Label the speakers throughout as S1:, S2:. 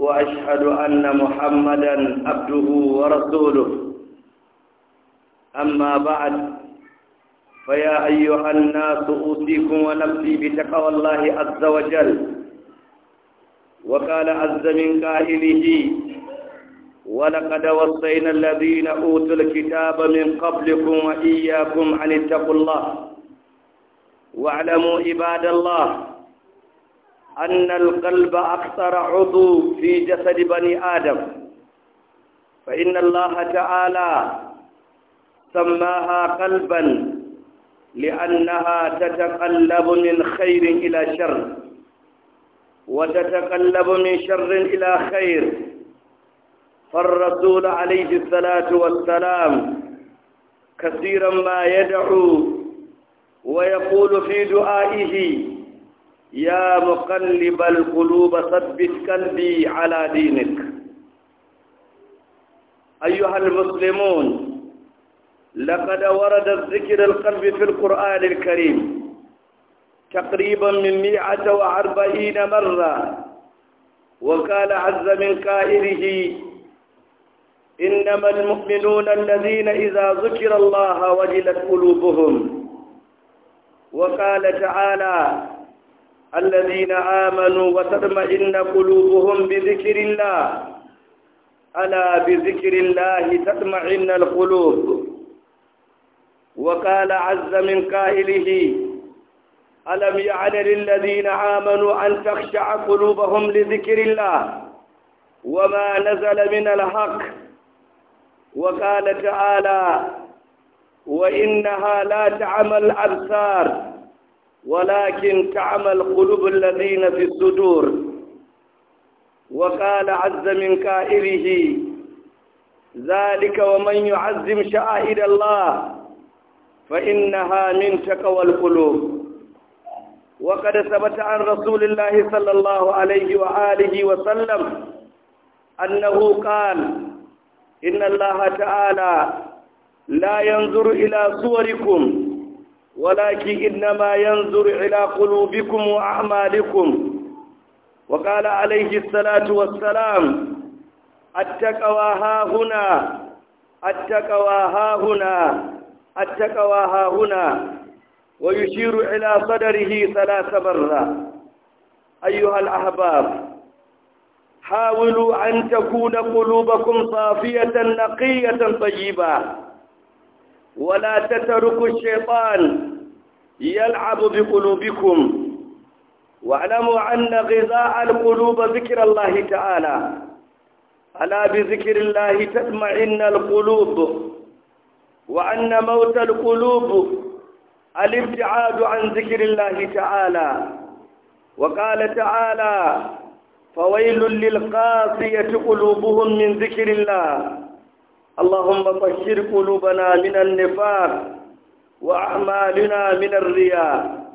S1: وأشهد أن محمدا عبده ورسوله أما بعد فيا أيها الناس أوصيكم ونفسي بتقوى الله عز وجل وقال عز من قائله ولقد وصينا الذين أوتوا الكتاب من قبلكم وإياكم أن اتقوا الله واعلموا عباد الله أن القلب أكثر عضو في جسد بني آدم فإن الله تعالى سماها قلبا لأنها تتقلب من خير إلى شر وتتقلب من شر إلى خير فالرسول عليه الصلاة والسلام كثيرا ما يدعو ويقول في دعائه يا مقلب القلوب ثبت قلبي على دينك أيها المسلمون لقد ورد الذكر القلب في القرآن الكريم تقريبا من مئة وأربعين مرة وقال عز من قائله إنما المؤمنون الذين إذا ذكر الله وجلت قلوبهم وقال تعالى الذين آمنوا وتطمئن قلوبهم بذكر الله ألا بذكر الله تطمئن القلوب وقال عز من قائله ألم يعن للذين آمنوا أن تخشع قلوبهم لذكر الله وما نزل من الحق وقال تعالى وإنها لا تعمل الأبصار ولكن تعمل قلوب الذين في الصدور وقال عز من قائله ذلك ومن يعزم شعائر الله فإنها من تقوى القلوب وقد ثبت عن رسول الله صلى الله عليه وآله وسلم أنه قال إن الله تعالى لا ينظر إلى صوركم ولكن إنما ينظر إلى قلوبكم وأعمالكم وقال عليه الصلاة والسلام التقوى ها هنا التقوى ها هنا التقوى ها هنا ويشير إلى صدره ثلاث مرات أيها الأحباب حاولوا أن تكون قلوبكم صافية نقية طيبة ولا تتركوا الشيطان يلعب بقلوبكم واعلموا أن غذاء القلوب ذكر الله تعالى ألا بذكر الله تطمئن القلوب وأن موت القلوب الابتعاد عن ذكر الله تعالى وقال تعالى فويل للقاسية قلوبهم من ذكر الله اللهم طهر قلوبنا من النفاق وأعمالنا من الرياء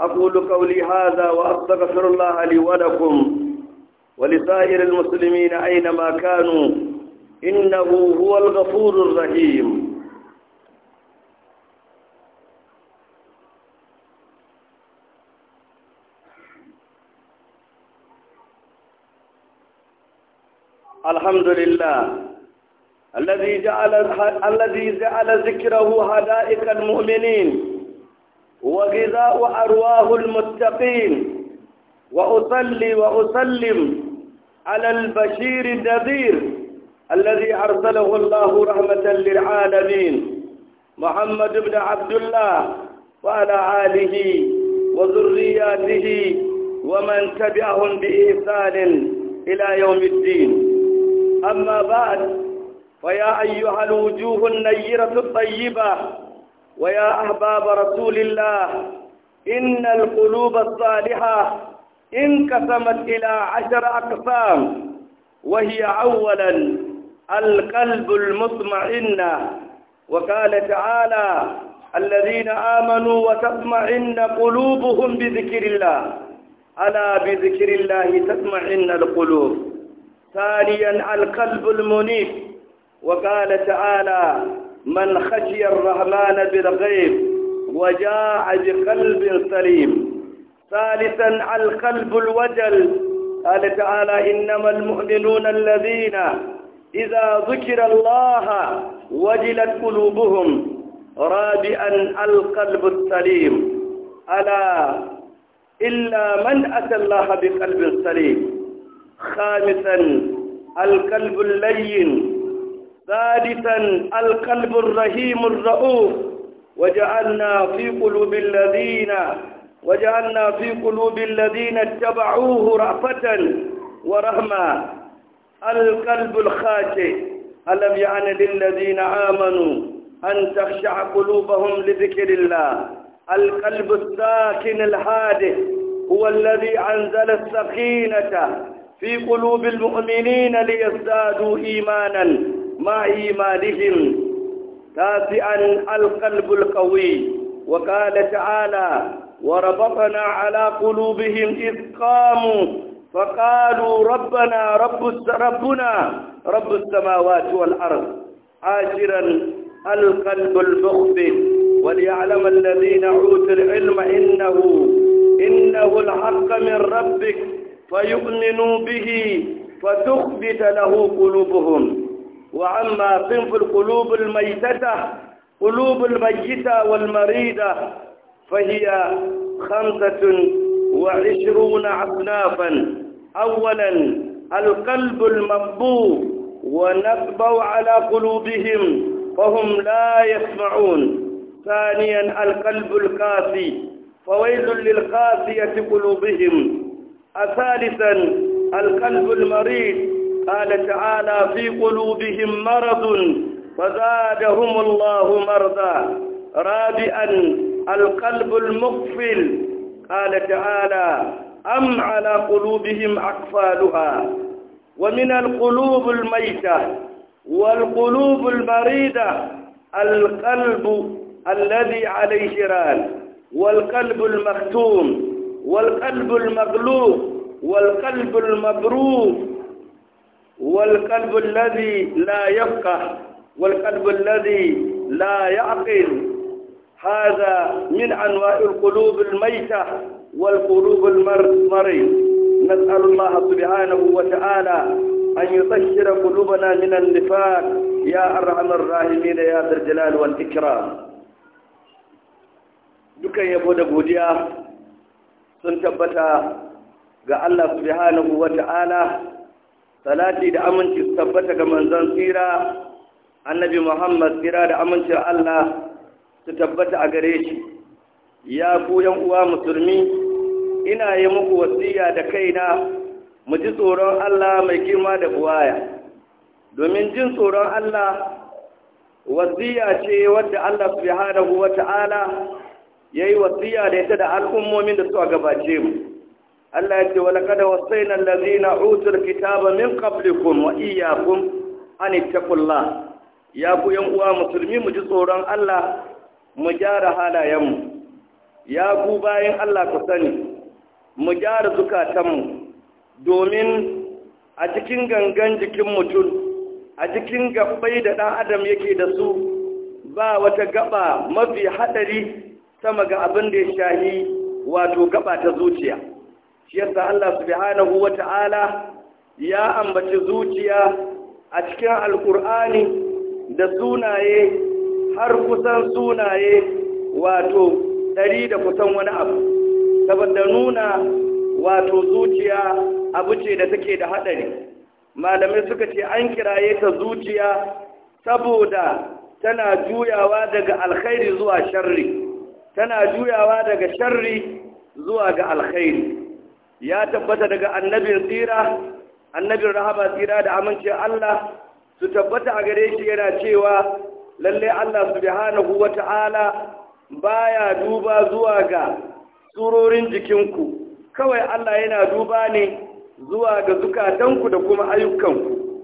S1: أقول قولي هذا وأستغفر الله لي ولكم ولسائر المسلمين أينما كانوا إنه هو الغفور الرحيم الحمد لله الذي جعل الذي جعل ذكره هدائك المؤمنين وغذاء أرواه المتقين وأصلي وأسلم على البشير النذير الذي أرسله الله رحمة للعالمين محمد بن عبد الله وعلى آله وذرياته ومن تبعهم بإحسان إلى يوم الدين أما بعد فيا أيها الوجوه النيرة الطيبة ويا أحباب رسول الله إن القلوب الصالحة انقسمت إلى عشر أقسام وهي أولا القلب المطمئن وقال تعالى الذين آمنوا وتطمئن قلوبهم بذكر الله ألا بذكر الله تطمئن القلوب ثانيا القلب المنيب وقال تعالى من خشي الرحمن بالغيب وجاء بقلب سليم ثالثا القلب الوجل قال تعالى إنما المؤمنون الذين إذا ذكر الله وجلت قلوبهم رابعا القلب السليم ألا إلا من أتى الله بقلب سليم خامسا القلب اللين ثالثا القلب الرحيم الرؤوف وجعلنا في قلوب الذين وجعلنا في قلوب الذين اتبعوه رأفة ورحمة القلب الخاشع ألم يعن للذين آمنوا أن تخشع قلوبهم لذكر الله القلب الساكن الهادئ هو الذي أنزل السكينة في قلوب المؤمنين ليزدادوا إيمانا مع إيمانهم تاسعا القلب القوي وقال تعالى وربطنا على قلوبهم إذ قاموا فقالوا ربنا رب ربنا رب السماوات والأرض عاشرا القلب المخبت وليعلم الذين أوتوا العلم إنه إنه الحق من ربك فيؤمنوا به فتخبت له قلوبهم وعما صنف القلوب الميتة قلوب الميتة والمريدة فهي خمسة وعشرون أصنافا أولا القلب المبو ونقبوا على قلوبهم فهم لا يسمعون ثانيا القلب القاسي فويل للقاسية قلوبهم ثالثا القلب المريض قال تعالى في قلوبهم مرض فزادهم الله مرضا رابعا القلب المقفل قال تعالى أم على قلوبهم أقفالها ومن القلوب الميتة والقلوب المريضة القلب الذي عليه ران والقلب المختوم والقلب المغلوب والقلب المبروك والقلب الذي لا يفقه والقلب الذي لا يعقل هذا من أنواع القلوب الميتة والقلوب المريض نسأل الله سبحانه وتعالى أن يطهر قلوبنا من النفاق يا أرحم الراحمين يا ذا الجلال والإكرام dukan yabo da godiya sun tabbata ga Allah subhanahu wa ta'ala salati da aminci su tabbata ga manzon tsira annabi muhammad tsira da amincin allah su tabbata a gare shi ya ku yan uwa musulmi ina yi muku wasiya da kaina mu ji tsoron allah mai girma da buwaya domin jin tsoron allah wasiya ce wadda allah subhanahu wata'ala ya yi wasiya da ita da al'ummomin da suka gabace mu Allah ya ce wa laqad wasayna allazina utul kitaba min qablikum wa iyyakum an taqullah ya ku yan uwa musulmi mu ji tsoron Allah mu gyara halayenmu ya ku bayan Allah ku sani mu gyara mu domin a cikin gangan jikin mutum a cikin gabbai da ɗan adam yake da su ba wata gaba mafi haɗari sama ga abin da ya shahi wato gaba ta zuciya shi yasa Allah subhanahu Ta'ala ya ambaci zuciya a cikin alkur'ani da sunaye har kusan sunaye wato ɗari da kusan wani abu saboda nuna wato zuciya abu ce da take da haɗari malamai suka ce an kiraye ta zuciya saboda tana juyawa daga alkhairi zuwa sharri tana juyawa daga sharri zuwa ga alkhairi ya tabbata daga annabin tsira annabin rahama tsira da amince Allah su tabbata a gare shi yana cewa lalle Allah Su subhanahu wata'ala baya duba zuwa ga surorin jikinku kawai Allah yana duba ne zuwa ga zukatanku da kuma ayyukanku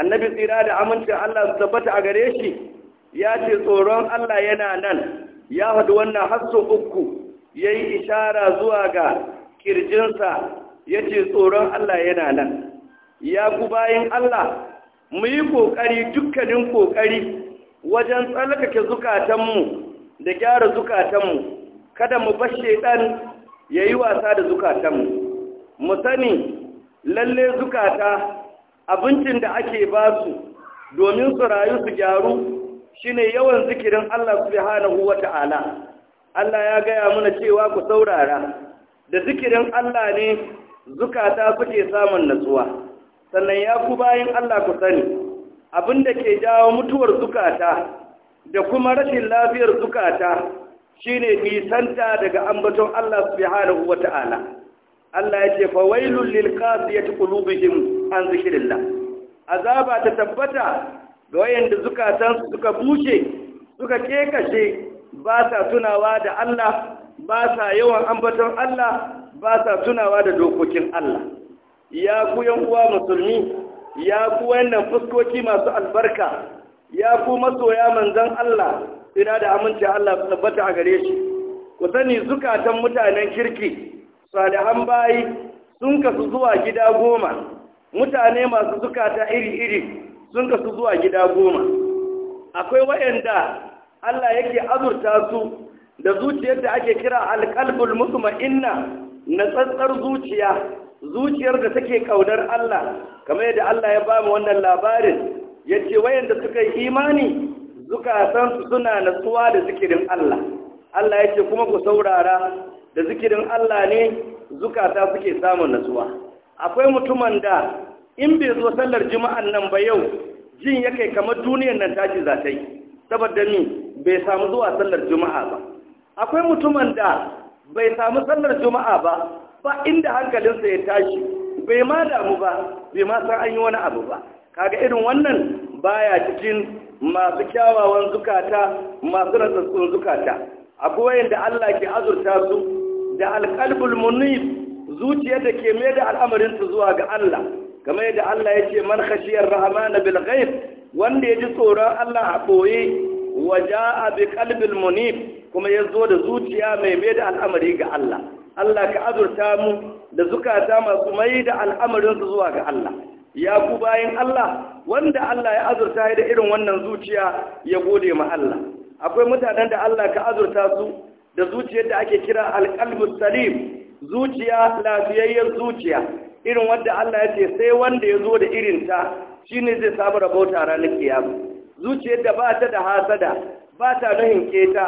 S1: annabi tsira da amince Allah su tabbata a gare shi ya ce tsoron Allah yana nan ya faɗi wannan hasso uku yayi ishara zuwa ga kirjinsa ya ce tsoron Allah yana nan ya ku bayan Allah mu yi ƙoƙari dukkanin ƙoƙari wajen tsallakake zukatanmu da gyara zukatanmu kada mu bar ɗan ya yi wasa da zukatanmu mu sani lalle zukata abincin da ake ba su domin su rayu su gyaru shine yawan zikirin Allah huwa wata'ala Allah ya gaya mana cewa ku saurara da zikirin Allah ne zukata suke samun natsuwa sannan ya ku bayan Allah ku sani da ke jawo mutuwar zukata da kuma rashin lafiyar zukata shine santa daga ambaton Allah subhanahu wata'ala Allah ya ce fawailul lil qasiyati qulubihim an zikrillah azaba ta tabbata ga wayanda zukatansu suka bushe suka kekashe ba sa tunawa da Allah ba sa yawan ambaton Allah ba sa tunawa da dokokin Allah ya ku yan uwa musulmi ya ku wayannan fuskoki masu albarka ya ku masoya manzon Allah ina da aminci Allah tabbata a gare shi ku sani zukatan mutanen kirki salihan bayi sun kasu zuwa gida goma mutane masu zukata iri-iri sun kasu zuwa gida goma akwai wayanda Allah yake azurta su da zuciyar da ake kira alƙalbul inna na tsatsar zuciya zuciyar da take ƙaunar Allah kamar yadda Allah ya ba mu wannan labarin ya yace wayanda suka yi imani zukatansu suna natsuwa da zikirin Allah Allah ya ce kuma ku saurara da zikirin Allah ne zukata suke samun natsuwa akwai mutumin da in bai zo sallar juma'an nan ba yau jin kai kamar duniyar nan tashi za ta yi saboda ni bai samu zuwa sallar juma'a ba akwai mutumin da bai samu sallar juma'a ba ba inda hankalinsa ya tashi bai ma damu ba bai ma san an yi wani abu ba kaga irin wannan baya cikin masu kyawawan zukata masu rantsatsun zukata akwai da Allah ke azurta su da alqalbul munib zuciya da ke mai da al'amarin su zuwa ga Allah kamar yadda Allah ya ce man khashiyar rahmana bil ghaib wanda ya ji tsoron Allah a boye waja a bi kalbin muni kuma ya zo da zuciya mai mai da al'amari ga Allah Allah ka azurta mu da zukata masu mai da al'amarin su zuwa ga Allah ya ku bayan Allah wanda Allah ya azurta da irin wannan zuciya ya gode ma Allah akwai mutanen da Allah ka azurta su da zuciyar da ake kira alqalbus salim zuciya lafiyayyar zuciya irin wanda Allah ya ce sai wanda ya zo da irinta ne zai samu rabauta ranar kiyama zuciyar da ba ta da hasada ba ta nuhin keta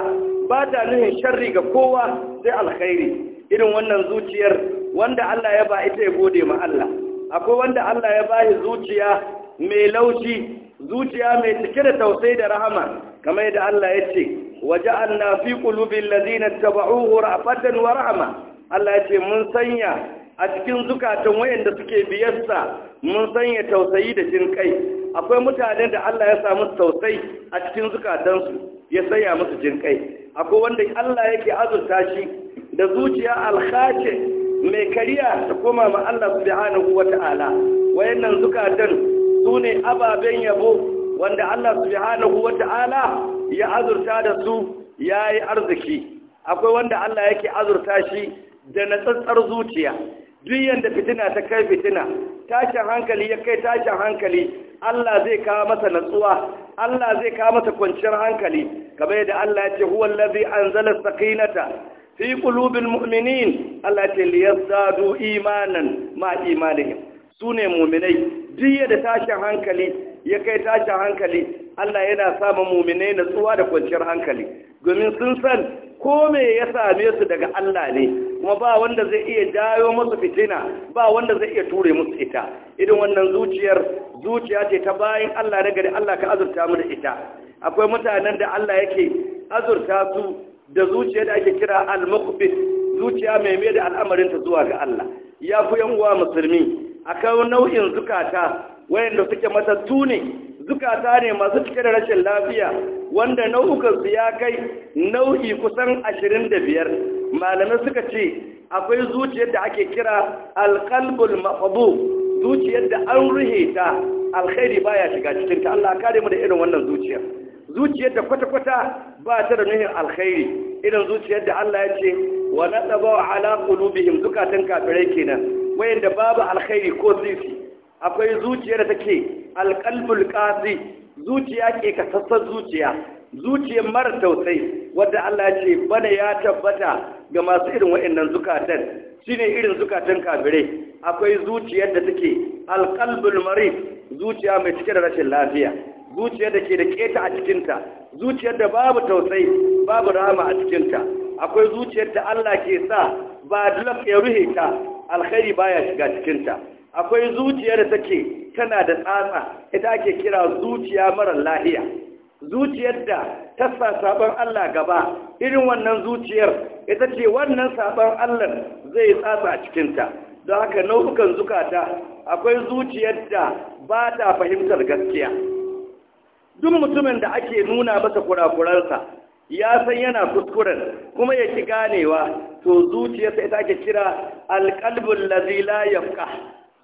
S1: ba ta nuhin sharri ga kowa sai alkhairi irin wannan zuciyar wanda Allah ya ba ita ya gode ma Allah akwai wanda Allah ya ba zuciya mai laushi zuciya mai cike da tausayi da rahama kamar yadda Allah ya ce waja'alna fi qulubil ladina tabauhu ra'fatan wa rahama Allah ya ce mun sanya a cikin zukatan wayanda suke biyarsa mun sanya tausayi da jin kai akwai mutanen da Allah ya samu sosai a cikin zukatansu ya saya musu jinkai akwai wanda Allah yake azurta shi da zuciya alkhace mai kariya ta koma ma Allah subhanahu wata'ala wayannan zukatan sune ababen yabo wanda Allah subhanahu wata'ala ya azurta da su yayi arziki akwai wanda Allah yake azurta shi da natsatsar zuciya duk yanda fitina ta kai fitina tashin hankali ya kai tashin hankali Allah zai kawo masa natsuwa Allah zai kawo masa kwanciyar hankali kamar yadda Allah ya ce huwa allazi anzala sakinata fi qulubil mu'minin Allah ya ce liyazdadu imanan ma imanihim sune mu'minai diya da tashin hankali ya kai tashin hankali Allah yana sa mu'minai natsuwa da kwanciyar hankali domin sun san ko me ya same su daga Allah ne kuma ba wanda zai iya jayo musu fitina ba wanda zai iya ture musu ita Idan wannan zuciyar zuciya ce ta bayan Allah daga gari Allah ka azurta mu da ita akwai mutanen da Allah yake azurta su da zuciya da ake kira al-muqbit zuciya mai mai da al'amarin ta zuwa ga Allah ya fi yan uwa musulmi akwai nau'in zukata wayanda suke mata tuni zukata ne masu cike da rashin lafiya wanda su ya kai nau'i kusan ashirin da biyar malamai suka ce akwai zuciyar da ake kira alkalbul mafabu zuciyar da an ruhe ta alkhairi baya shiga cikin ta Allah kare mu da irin wannan zuciyar zuciyar da kwata-kwata ba ta da nuhin alkhairi irin zuciyar da Allah ya ce wa nadaba ala qulubihim zukatan kafirai kenan wayanda babu alkhairi ko zifi akwai zuciyar da take alƙalbul ƙazi zuciya ke kasassar zuciya zuciyar mara tausayi wadda Allah ce bana ya tabbata ga masu irin waɗannan zukatan shine irin zukatan kafirai akwai zuciyar da take alƙalbul mari zuciya mai cike da rashin lafiya zuciyar da ke da keta a cikinta zuciyar da babu tausayi babu rama a cikinta akwai zuciyar da Allah ke sa ba dulaf ya ruhe ta alkhairi baya shiga cikinta akwai zuciya da take tana da tsatsa ita ake kira zuciya mara lahiya zuciyar da ta sa sabon Allah gaba irin wannan zuciyar ita ce wannan sabon Allah zai tsatsa a cikinta don haka nau'ukan zukata akwai zuciyar da ba ta fahimtar gaskiya duk mutumin da ake nuna masa kurakurarsa ya san yana kuskuren kuma ya ki ganewa to zuciyarsa ita ake kira alƙalbin lazila yafka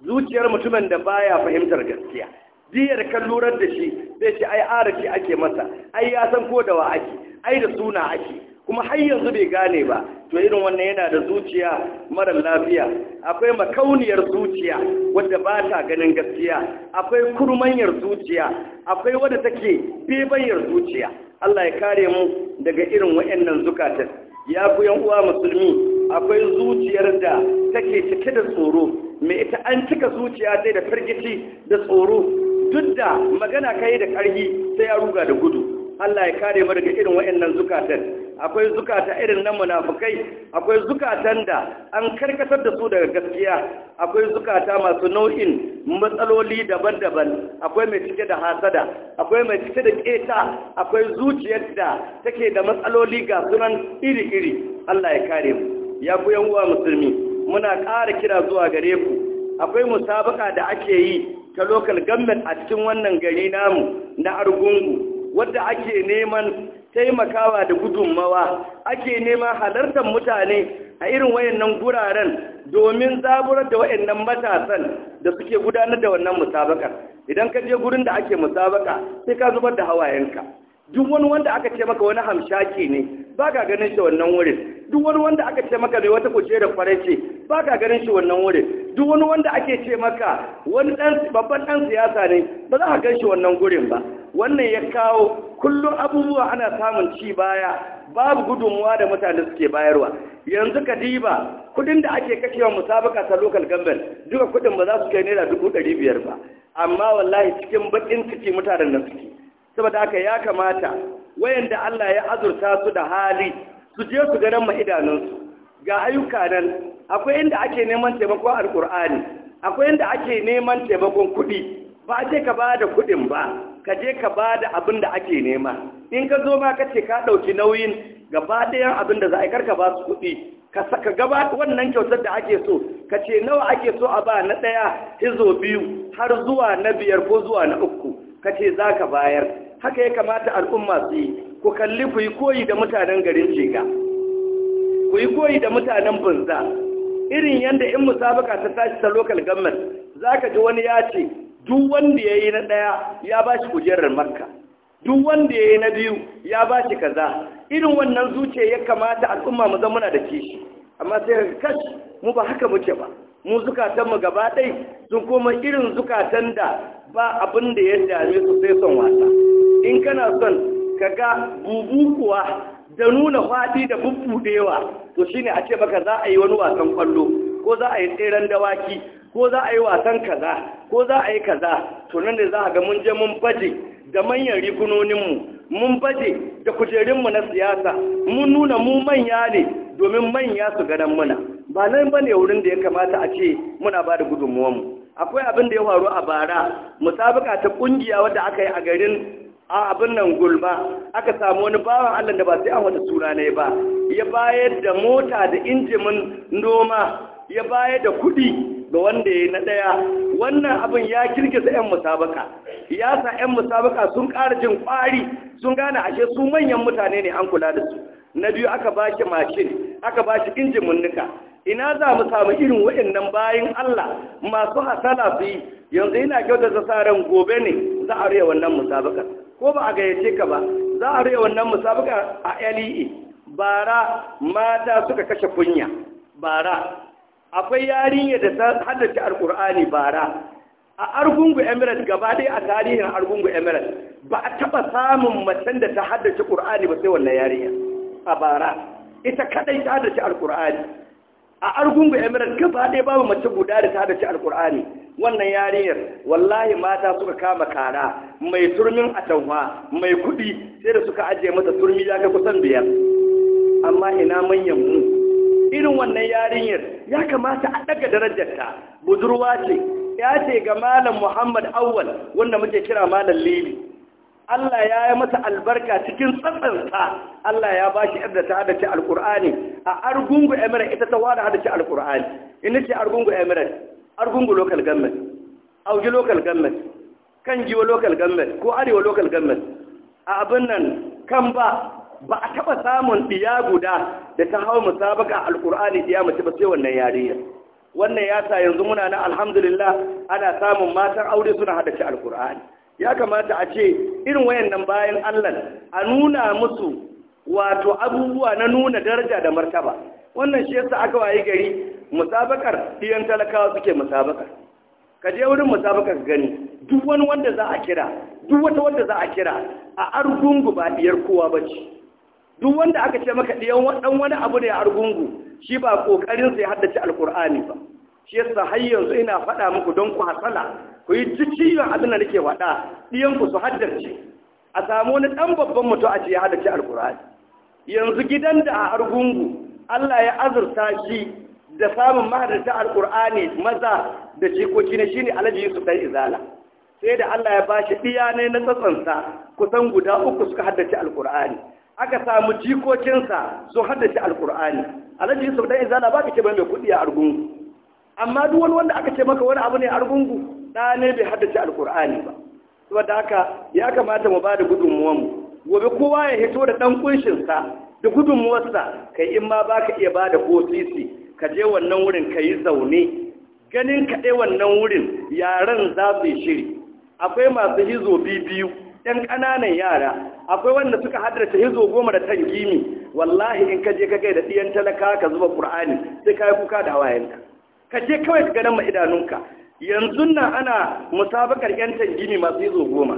S1: zuciyar mutumin da baya fahimtar gaskiya diyar kan lurar da shi zai ce ai arafi ake masa ai ya san ko da wa ake ai da suna ake kuma har yanzu bai gane ba to irin wannan yana da zuciya mara lafiya akwai makauniyar zuciya wadda ba ta ganin gaskiya akwai kurmanyar zuciya akwai wadda take bebanyar zuciya Allah ya kare mu daga irin waɗannan zukatan ya ku yan uwa musulmi akwai zuciyar da take cike da tsoro mai ita an cika zuciya sai da firgici da tsoro duk da magana kai da ƙarfi sai ya ruga da gudu Allah ya kare mu daga irin waɗannan zukatan akwai zukata irin na munafukai akwai zukatan da an karkatar da su daga gaskiya akwai zukata masu nau'in matsaloli daban-daban akwai mai cike da hasada akwai mai cike da keta akwai zuciyar da take da matsaloli ga sunan iri-iri Allah ya kare mu ya ku uwa musulmi muna ƙara kira zuwa gare ku akwai musabaka da ake yi ta local government a cikin wannan gari namu na argungu wadda ake neman taimakawa da gudunmawa ake neman halartar mutane a irin wayannan guraren domin zaburar da wayannan matasan da suke gudanar da wannan musabakar idan ka je gurin da ake musabaka sai ka zubar da hawayenka duk wani wanda aka ce maka wani hamshaki ne ba ka ganin shi wannan wurin duk wani wanda aka ce maka mai wata kuce da farce ba ka ganin shi wannan wurin duk wani wanda ake ce maka wani dan babban dan siyasa ne ba za ka gan shi wannan gurin ba wannan ya kawo kullum abubuwa ana samun ci baya babu gudunmuwa da mutane suke bayarwa yanzu ka diba kudin da ake kashewa musabaka ta local government duka kudin ba za su kai naira dubu ɗari biyar ba amma wallahi cikin bakin ciki mutanen nan suke saboda aka ya kamata wayanda Allah ya azurta su da hali su je su ganin ma idanunsu ga ayyuka nan akwai inda ake neman taimakon alkur'ani akwai inda ake neman taimakon kuɗi ba ce ka ba da kuɗin ba ka je ka ba da abin da ake nema in ka zo ma ka ce ka ɗauki nauyin gaba ɗayan abin da za a yi karka ba su kuɗi ka saka gaba wannan kyautar da ake so ka ce nawa ake so a ba na ɗaya hizo biyu har zuwa na biyar ko zuwa na uku ka ce za ka bayar haka ya kamata al'umma su yi ku kalli ku yi koyi da mutanen garin jiga ku yi koyi da mutanen bunza irin yadda in musabaka ta tashi ta local government za ka ji wani ya ce duk wanda ya yi na ɗaya ya ba shi kujerar makka duk wanda ya yi na biyu ya ba shi kaza irin wannan zuciya ya kamata al'umma mu zama muna da kishi amma sai ka mu ba haka muke ba mu zukatanmu gaba ɗai sun koma irin zukatan da ba abin da ya dame su sai son wasa in kana son ka ga bubu kuwa da nuna faɗi da bubbudewa to shi ne a ce baka za a yi wani wasan kwallo ko za a yi tseren dawaki ko za a yi wasan kaza ko za a yi kaza to nan ne za a ga mun je mun baje da manyan rigunoninmu mun baje da kujerunmu na siyasa mun nuna mu manya ne domin manya su ganan muna ba nan ba ne wurin da ya kamata a ce muna ba da gudunmuwanmu akwai abin da ya faru a bara musabaka ta kungiya wadda aka yi a garin a abin nan gulma aka samu wani bawan allah da ba sai an wata sura ne ba ya bayar da mota da injimin noma ya bayar da kuɗi ga wanda ya na ɗaya wannan abin ya kirkisa 'yan musabaka ya sa 'yan musabaka sun ƙara jin ƙwari sun gane ashe su manyan mutane ne an kula da su na biyu aka ba shi mashin aka ba shi injin munnuka ina za mu samu irin waɗannan bayan Allah masu hasala su yi yanzu ina kyauta da gobe ne za a raya wannan musabakar ko ba a gayyace ka ba za a raya wannan musabakar a LEE e. bara mata suka kashe kunya bara akwai yarinya da ta haddace alkur'ani bara a argungu emirates gaba ɗaya a tarihin argungu emirates ba a taɓa samun macen da ta haddace ƙur'ani ba sai wannan yarinya a bara ita kadai ta da ci alkur'ani a argungu emirat gaba ɗaya babu mace guda da ta da ci alkur'ani wannan yarinyar wallahi mata suka kama kara mai turmin atamwa, mai kuɗi sai da suka ajiye mata turmi ya ga kusan biyar amma ina manyan mu irin wannan yarinyar ya kamata a ɗaga ta budurwa ce ya ce ga malam muhammad awwal wanda muke kira malam lili Allah ya yi mata albarka cikin tsatsanta Allah ya ba shi yadda ta hada ce alkur'ani a argungu emirat ita ta wada ce alkur'ani ina ce argungu emirat argungu local government auji local government kan jiwa local government ko arewa local government a abin nan kan ba ba a taɓa samun ɗiya guda da ta hau musabaka alkur'ani ɗiya mace ba sai wannan yariya wannan ya sa yanzu muna na alhamdulillah ana samun matan aure suna hada ce alkur'ani ya kamata a ce irin wayannan bayan Allah a nuna musu wato abubuwa na nuna daraja da martaba wannan shi yasa aka waye gari musabakar iyan talakawa suke musabaka ka je wurin musabakar gani duk wani wanda za a kira duk wata wanda za a kira a argungu ba ɗiyar kowa ba ce duk wanda aka ce maka ɗiyan wani abu ne a argungu shi ba kokarin ya haddace Alkur'ani ba shi yasa har yanzu ina faɗa muku don ku hasala ku yi cikin abin da nake faɗa ɗiyan ku su haddace a samu wani ɗan babban mutum a ce ya haddace yanzu gidan da a argungu Allah ya azurta shi da samun mahadarta alkur'ani maza da jikoki ne shine alhaji Yusuf dan Izala sai da Allah ya bashi ɗiya ne na tsatsansa kusan guda uku suka haddace alkur'ani aka samu jikokinsa su haddace alkur'ani alhaji Yusuf dan Izala ba ka ce ba mai kuɗi a argungu amma duk wani wanda aka ce maka wani abu ne argungu da ne bai haddace alkur'ani ba saboda haka ya kamata mu ba da mu. gobe kowa ya hito da dan sa da sa kai in ma baka iya ba da hotisi ka je wannan wurin ka yi zaune ganin kaɗai wannan wurin yaran za su yi shiri akwai masu hizo bibiyu ɗan ƙananan yara akwai wanda suka haddace hizo goma da tangimi wallahi in ka je ka gai da ɗiyan talaka ka zuba ƙur'ani sai ka yi kuka da hawayenka ka je kawai ka ganin ma'idanunka. idanunka yanzu nan ana musabakar yan gini masu yizo goma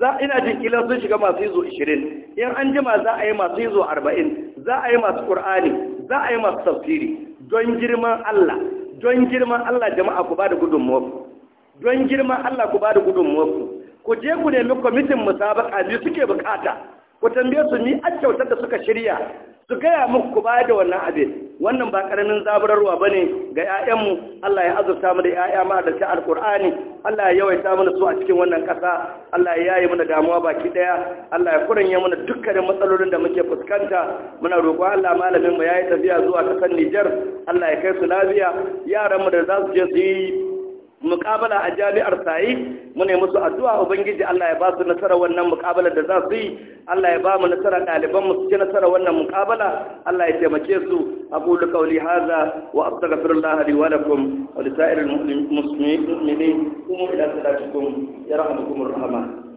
S1: za ina jin kilan sun shiga masu zuwa ishirin in an jima za a yi masu zuwa arba'in za a yi masu ƙur'ani za a yi masu tafsiri don girman allah don girman allah jama'a ku ba da mafi don girman allah ku ba da mafi ku je ku nemi kwamitin musabaka biyu suke bukata ku tambaye su ni a kyautar da suka shirya su gaya muku ku bayar da wannan abin wannan ba karamin zaburarwa ne ga 'ya'yanmu. Allah ya azurta mu da ƴaƴa ma da ta alqur'ani Allah ya yawaita mana su a cikin wannan ƙasa Allah ya yi mana damuwa baki ɗaya. Allah ya kuranya mana dukkanin matsalolin da muke fuskanta muna roƙo Allah malamin mu yayi tafiya zuwa ƙasar Niger Allah ya kai su lafiya yaran mu da za su je su yi mukabala a jami'ar sayi muna musu addu'a ubangiji Allah ya ba su nasara wannan mukabala da za su yi Allah ya ba mu nasara ɗaliban mu su ci nasara wannan mukabala Allah ya taimake su aqulu qawli hadha wa astaghfirullah li wa lakum wa li sa'iril mu'minin ila salatikum yarhamukumur rahman